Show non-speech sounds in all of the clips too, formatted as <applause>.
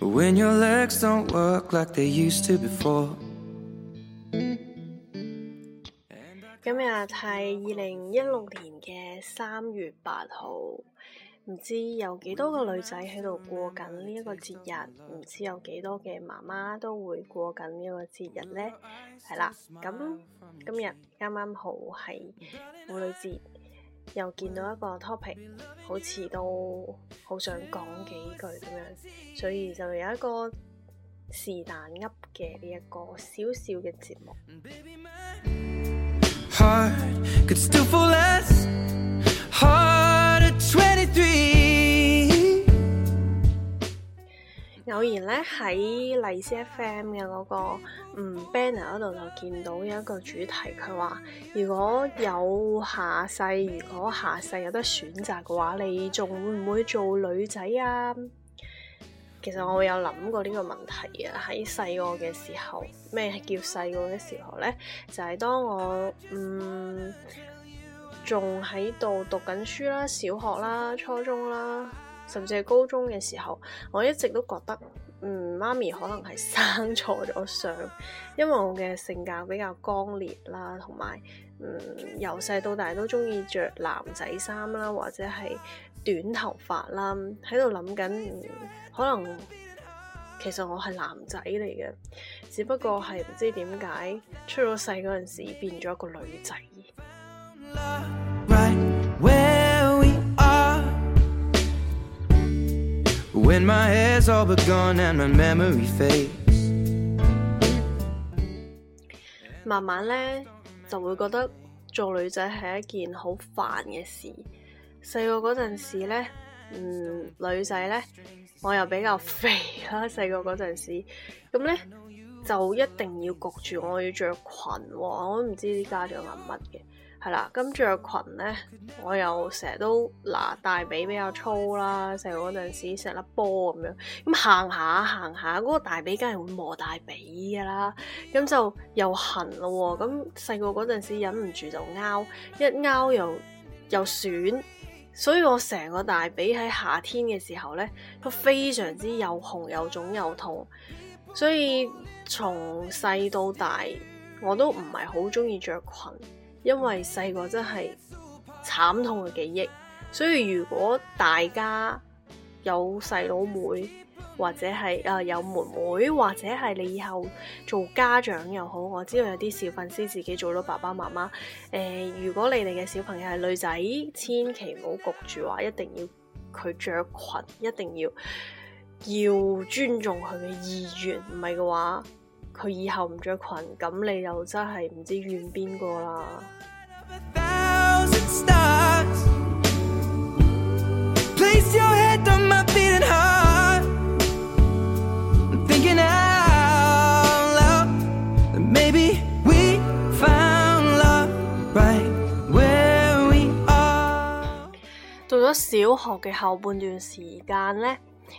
When your legs don't work like they used to before. 今日係二零一六年嘅三月八號，唔知有幾多個女仔喺度過緊呢一個節日，唔知有幾多嘅媽媽都會過緊呢個節日咧，係啦，咁今日啱啱好係婦女節。又見到一個 topic，好似都好想講幾句咁樣，所以就有一個是但噏嘅呢一個小小嘅節目。 <music> 偶然咧喺荔枝 FM 嘅嗰個嗯 banner 嗰度就見到有一個主題，佢話如果有下世，如果下世有得選擇嘅話，你仲會唔會做女仔啊？其實我有諗過呢個問題啊！喺細個嘅時候，咩叫細個嘅時候咧？就係當我嗯仲喺度讀緊書啦，小學啦，初中啦。甚至係高中嘅時候，我一直都覺得，嗯，媽咪可能係生錯咗相，因為我嘅性格比較剛烈啦，同埋，嗯，由細到大都中意着男仔衫啦，或者係短頭髮啦，喺度諗緊，可能其實我係男仔嚟嘅，只不過係唔知點解出咗世嗰陣時變咗一個女仔。慢慢咧就會覺得做女仔係一件好煩嘅事。細個嗰陣時咧，嗯，女仔咧我又比較肥啦，細個嗰陣時咁咧就一定要焗住，我要着裙喎，我都唔知啲家長諗乜嘅。係啦，咁着裙咧，我又成日都嗱大髀比較粗啦。細個嗰陣時成粒波咁樣，咁行下行下嗰個大髀，梗係會磨大髀噶啦。咁就又痕咯喎。咁細個嗰陣時忍唔住就拗，一拗又又損，所以我成個大髀喺夏天嘅時候咧，都非常之又紅又腫又痛。所以從細到大我都唔係好中意着裙。因為細個真係慘痛嘅記憶，所以如果大家有細佬妹或者係啊、呃、有妹妹或者係你以後做家長又好，我知道有啲小粉絲自己做咗爸爸媽媽，誒、呃，如果你哋嘅小朋友係女仔，千祈唔好焗住話，一定要佢着裙，一定要要尊重佢嘅意願，唔係嘅話。佢以後唔著裙，咁你又真係唔知怨邊個啦。到咗小學嘅後半段時間呢，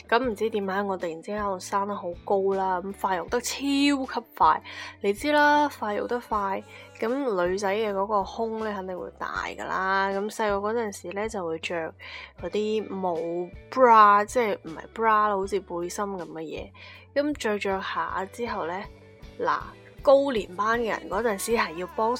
咁唔、嗯、知點解我突然之間我生得好高啦，咁發育得超級快，你知啦，發育得快，咁女仔嘅嗰個胸咧肯定會大噶啦，咁細個嗰陣時咧就會着嗰啲冇 bra，即係唔係 bra，好似背心咁嘅嘢，咁着着下之後咧，嗱，高年班嘅人嗰陣時係要幫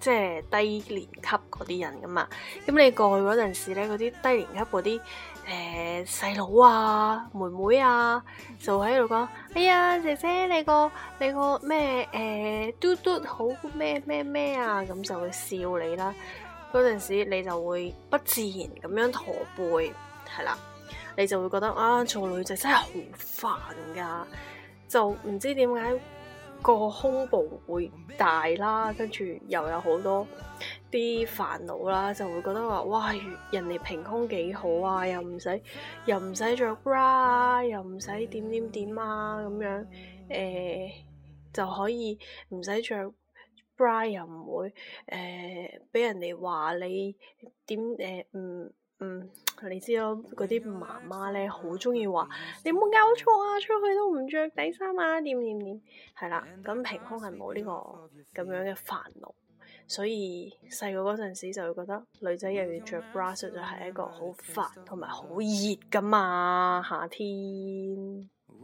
即係低年級嗰啲人噶嘛，咁你過去嗰陣時咧，嗰啲低年級嗰啲。誒，細佬、呃、啊，妹妹啊，就喺度講，哎呀，姐姐你個你個咩誒、呃、嘟嘟好咩咩咩啊，咁就會笑你啦。嗰陣時你就會不自然咁樣駝背，係啦，你就會覺得啊，做女仔真係好煩噶，就唔知點解個胸部會大啦，跟住又有好多。啲煩惱啦，就會覺得話哇，人哋平胸幾好啊，又唔使又唔使著 bra，又唔使點點點啊咁樣，誒、欸、就可以唔使着 bra，又唔會誒俾、欸、人哋話你點誒唔唔，你知咯，嗰啲媽媽咧好中意話你冇搞錯啊，出去都唔着底衫啊，點點點，係啦，咁平胸係冇呢個咁樣嘅煩惱。所以細個嗰陣時就會覺得女仔又要著 bra，就係一個好煩同埋好熱㗎嘛，夏天。 <music>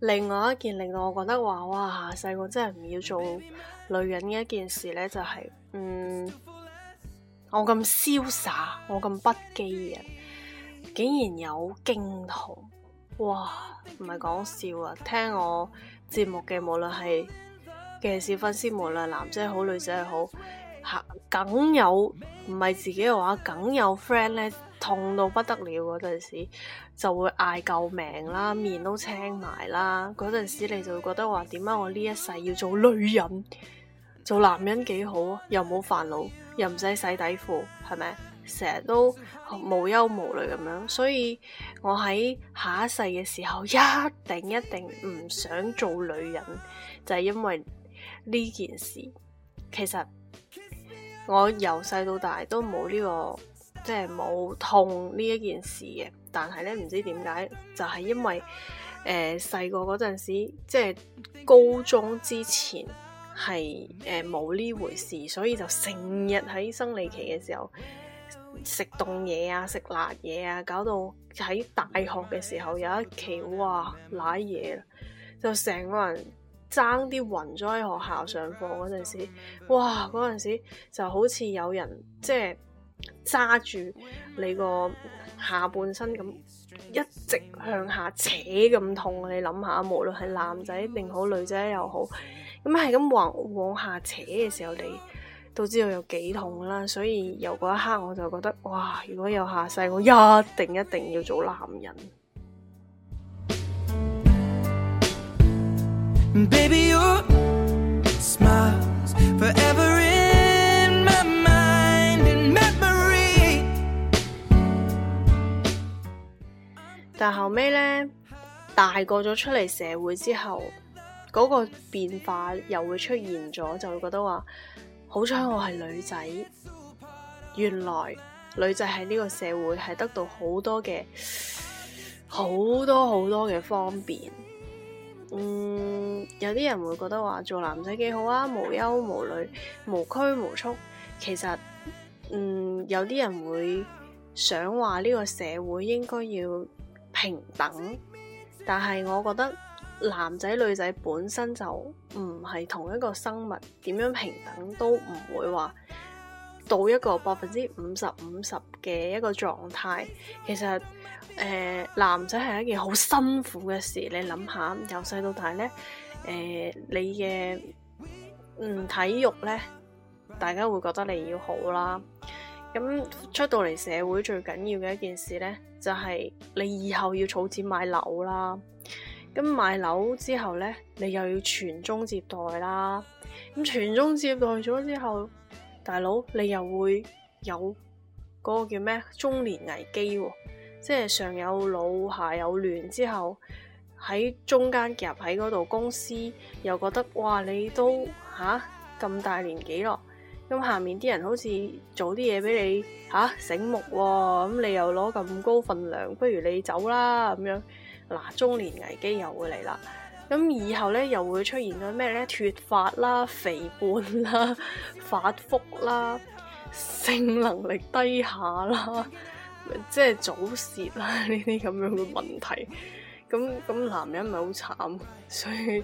另外一件令到我覺得話，哇！細個真係唔要做女人嘅一件事呢，就係、是，嗯。我咁瀟灑，我咁不羈嘅，竟然有經痛，哇！唔係講笑啊！聽我節目嘅，無論係嘅小粉絲，無論男仔好女仔好，嚇，梗有唔係自己嘅話，梗有 friend 咧，痛到不得了嗰陣時，就會嗌救命啦，面都青埋啦。嗰陣時你就會覺得話點解我呢一世要做女人，做男人幾好啊？又冇煩惱。又唔使洗底褲，係咪？成日都無憂無慮咁樣，所以我喺下一世嘅時候，一定一定唔想做女人，就係因為呢件事。其實我由細到大都冇呢個，即係冇痛呢一件事嘅。但係咧，唔知點解，就係因為誒細個嗰陣時，即係高中之前。係誒冇呢回事，所以就成日喺生理期嘅時候食凍嘢啊，食辣嘢啊，搞到喺大學嘅時候有一期哇瀨嘢，就成個人爭啲暈咗喺學校上課嗰陣時，哇嗰陣時就好似有人即係揸住你個下半身咁一,一直向下扯咁痛，你諗下，無論係男仔定好女仔又好。咁係咁往往下扯嘅時候，你都知道有幾痛啦。所以由嗰一刻我就覺得，哇！如果有下世，我一定一定要做男人。 <music> 但後尾呢，大個咗出嚟社會之後。嗰個變化又會出現咗，就會覺得話好彩我係女仔。原來女仔喺呢個社會係得到好多嘅好多好多嘅方便。嗯，有啲人會覺得話做男仔幾好啊，無憂無慮，無拘無束。其實，嗯，有啲人會想話呢個社會應該要平等，但係我覺得。男仔女仔本身就唔係同一個生物，點樣平等都唔會話到一個百分之五十五十嘅一個狀態。其實，誒、呃，男仔係一件好辛苦嘅事。你諗下，由細到大咧，誒、呃，你嘅嗯體育咧，大家會覺得你要好啦。咁出到嚟社會最緊要嘅一件事咧，就係你以後要儲錢買樓啦。咁買樓之後呢，你又要傳宗接代啦。咁傳宗接代咗之後，大佬你又會有嗰個叫咩？中年危機喎、哦，即係上有老下有亂嫩。之後喺中間夾喺嗰度公司，又覺得哇，你都嚇咁、啊、大年紀咯。咁、嗯、下面啲人好似做啲嘢俾你嚇、啊、醒目喎、哦，咁、嗯、你又攞咁高份量，不如你走啦咁樣。嗱，中年危機又會嚟啦，咁以後咧又會出現咗咩咧？脫髮啦、肥胖啦、發福啦、性能力低下啦，即係早泄啦，呢啲咁樣嘅問題。咁咁男人咪好慘，所以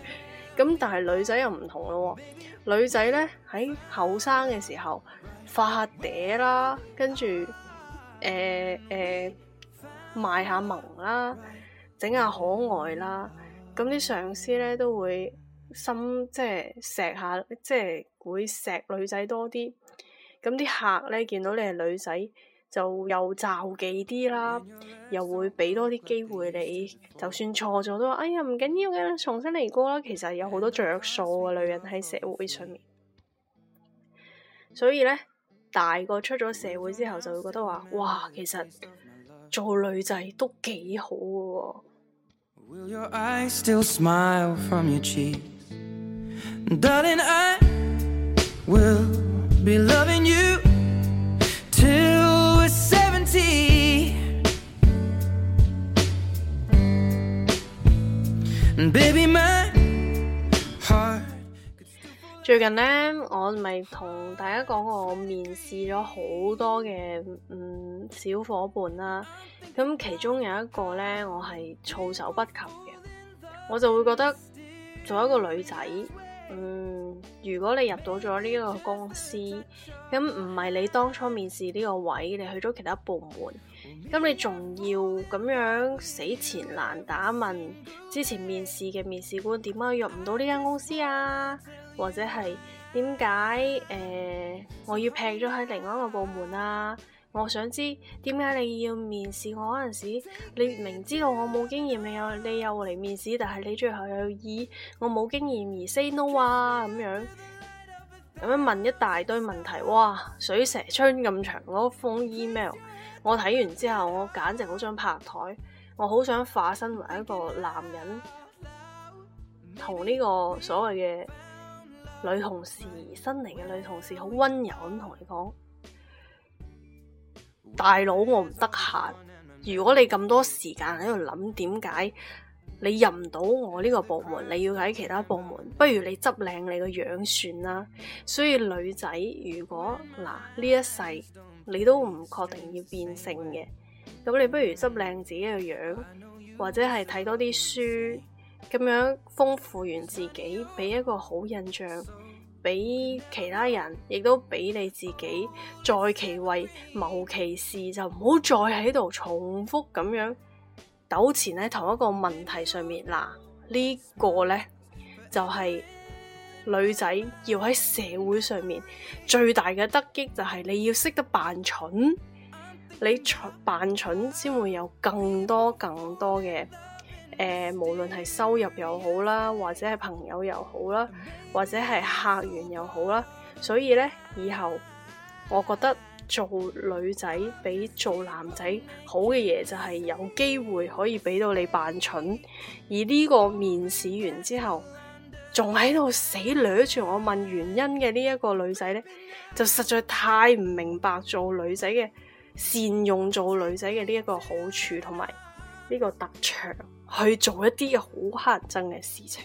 咁但係女仔又唔同咯喎。女仔咧喺後生嘅時候發嗲啦，跟住誒誒賣下萌啦。整下可愛啦，咁啲上司咧都會心即係錫下，即係會錫女仔多啲。咁啲客咧見到你係女仔，就又驕忌啲啦，又會畀多啲機會你。就算錯咗都話：哎呀，唔緊要嘅，重新嚟過啦。其實有好多着數嘅女人喺社會上面，所以咧大個出咗社會之後就會覺得話：哇，其實。做女仔都幾好喎。最近咧，我咪同大家講我面試咗好多嘅嗯小夥伴啦，咁其中有一個咧，我係措手不及嘅，我就會覺得做一個女仔，嗯，如果你入到咗呢個公司，咁唔係你當初面試呢個位，你去咗其他部門。咁你仲要咁樣死纏爛打問之前面試嘅面試官點解入唔到呢間公司啊？或者係點解誒我要劈咗喺另外一個部門啊？我想知點解你要面試我陣時？可能你明知道我冇經驗，你又你又嚟面試，但係你最後又要以我冇經驗而 say no 啊？咁樣咁樣問一大堆問題，哇！水蛇春咁長咯封 email。我睇完之後，我簡直好想拍台，我好想化身為一個男人，同呢個所謂嘅女同事，新嚟嘅女同事，好温柔咁同你講： <music> 大佬，我唔得閒。如果你咁多時間喺度諗，點解？你入唔到我呢個部門，你要喺其他部門，不如你執靚你個樣算啦。所以女仔如果嗱呢一世你都唔確定要變性嘅，咁你不如執靚自己個樣，或者係睇多啲書，咁樣豐富完自己，俾一個好印象，俾其他人，亦都俾你自己，在其位謀其事，就唔好再喺度重複咁樣。糾纏喺同一個問題上面嗱，呢、呢個呢，就係、是、女仔要喺社會上面最大嘅得益，就係你要識得扮蠢，你扮，扮蠢先會有更多更多嘅誒、呃，無論係收入又好啦，或者係朋友又好啦，或者係客源又好啦，所以呢，以後，我覺得。做女仔比做男仔好嘅嘢就係有機會可以俾到你扮蠢，而呢個面試完之後仲喺度死掠住我問原因嘅呢一個女仔咧，就實在太唔明白做女仔嘅、善用做女仔嘅呢一個好處同埋呢個特長去做一啲好乞人憎嘅事情。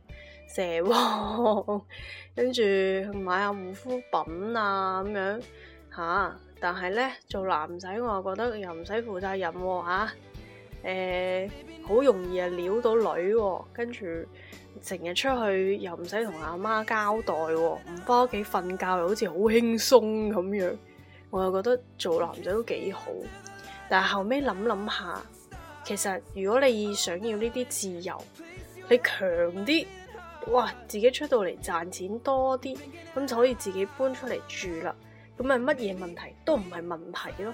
射跟住買下護膚品啊咁樣吓、啊。但係呢，做男仔我又覺得又唔使負責任吓、啊，誒、啊，好、欸、容易啊撩到女、啊，跟住成日出去又唔使同阿媽交代、啊，唔翻屋企瞓覺又好似好輕鬆咁樣。我又覺得做男仔都幾好，但係後尾諗諗下，其實如果你想要呢啲自由，你強啲。哇！自己出到嚟賺錢多啲，咁就可以自己搬出嚟住啦。咁咪乜嘢問題都唔係問題咯。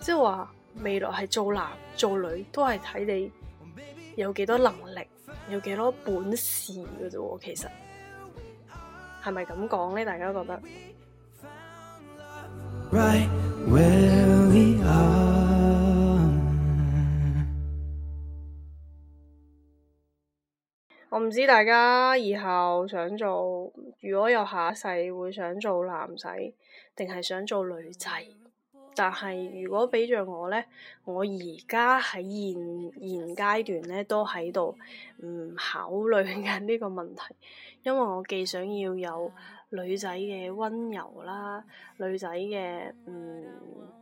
即係話未來係做男做女都係睇你有幾多能力，有幾多本事嘅啫。其實係咪咁講呢？大家覺得？Right。我唔知大家以後想做，如果有下一世會想做男仔定係想做女仔，但係如果畀着我咧，我而家喺現在在現階段咧都喺度唔考慮緊呢個問題，因為我既想要有。女仔嘅溫柔啦，女仔嘅嗯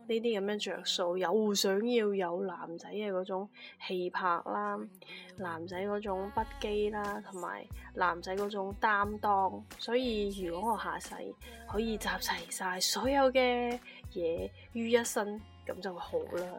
呢啲咁樣着數，又想要有男仔嘅嗰種氣魄啦，男仔嗰種不羈啦，同埋男仔嗰種擔當。所以如果我下世可以集齊晒所有嘅嘢於一身，咁就好啦。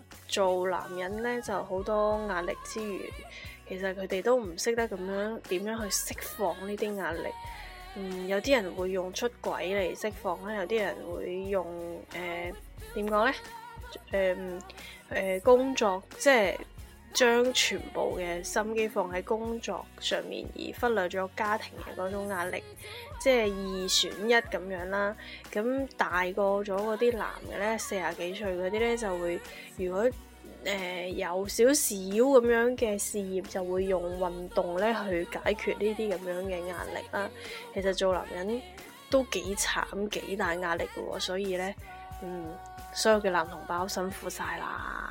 做男人呢就好多壓力之餘，其實佢哋都唔識得咁樣點樣去釋放呢啲壓力。嗯，有啲人會用出軌嚟釋放啦，有啲人會用誒點講呢？誒、呃、誒、呃、工作即係。將全部嘅心機放喺工作上面，而忽略咗家庭嘅嗰種壓力，即係二選一咁樣啦。咁大個咗嗰啲男嘅咧，四十幾歲嗰啲咧就會，如果誒、呃、有少少咁樣嘅事業，就會用運動咧去解決呢啲咁樣嘅壓力啦。其實做男人都幾慘，幾大壓力嘅，所以咧，嗯，所有嘅男同胞辛苦晒啦。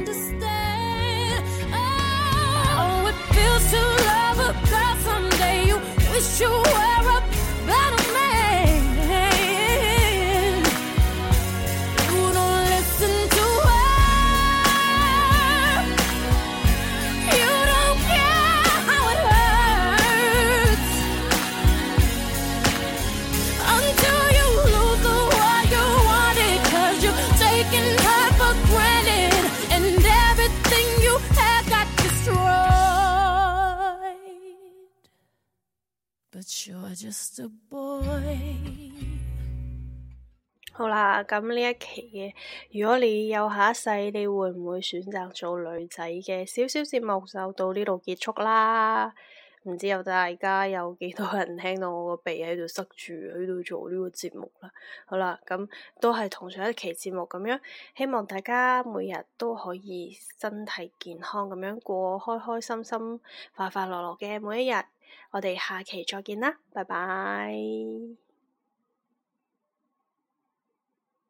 But you're just a boy. 好啦，咁呢一期嘅，如果你有下一世，你會唔會選擇做女仔嘅？小小節目就到呢度結束啦。唔知有大家有幾多人聽到我個鼻喺度塞住，喺度做呢個節目啦。好啦，咁都係同上一期節目咁樣，希望大家每日都可以身體健康咁樣過，開開心心、快快樂樂嘅每一日。我哋下期再見啦，拜拜。